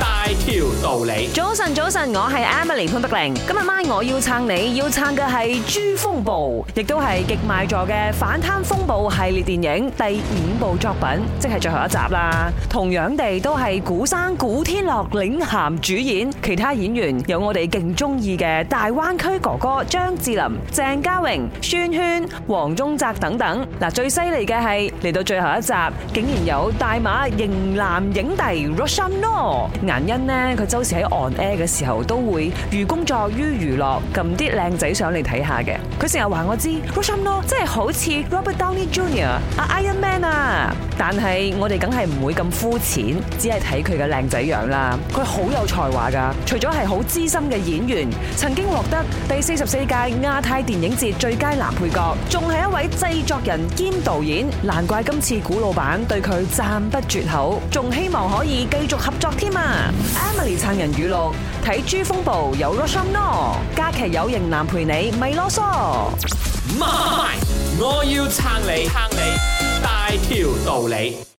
大條道理，早晨早晨，我係 Emily 潘德玲。今日晚我要撐你要撐嘅係《G 風暴》，亦都係極賣座嘅反貪風暴系列電影第五部作品，即係最後一集啦。同樣地，都係古生古天樂領銜主演，其他演員有我哋勁中意嘅大灣區哥哥張智霖、鄭嘉穎、宣萱、黃宗澤等等最的是。嗱，最犀利嘅係嚟到最後一集，竟然有大馬型男影帝 Rosyam Nor 原因呢，佢周時喺 on air 嘅時候都會，如工作如娛樂撳啲靚仔上嚟睇下嘅。佢成日話我知 Rushmore 真係好似 Robert Downey Jr.、阿 Iron Man 啊。但係我哋梗係唔會咁膚淺，只係睇佢嘅靚仔樣啦。佢好有才華噶，除咗係好資深嘅演員，曾經獲得第四十四屆亞太電影節最佳男配角，仲係一位製作人兼導演。難怪今次古老闆對佢讚不絕口，仲希望可以繼續合作添啊！Emily 撐人語錄，睇珠風暴有 Roshambo，No, 假期有型男陪你咪囉嗦。媽咪，我要撐你，撐你大條道理。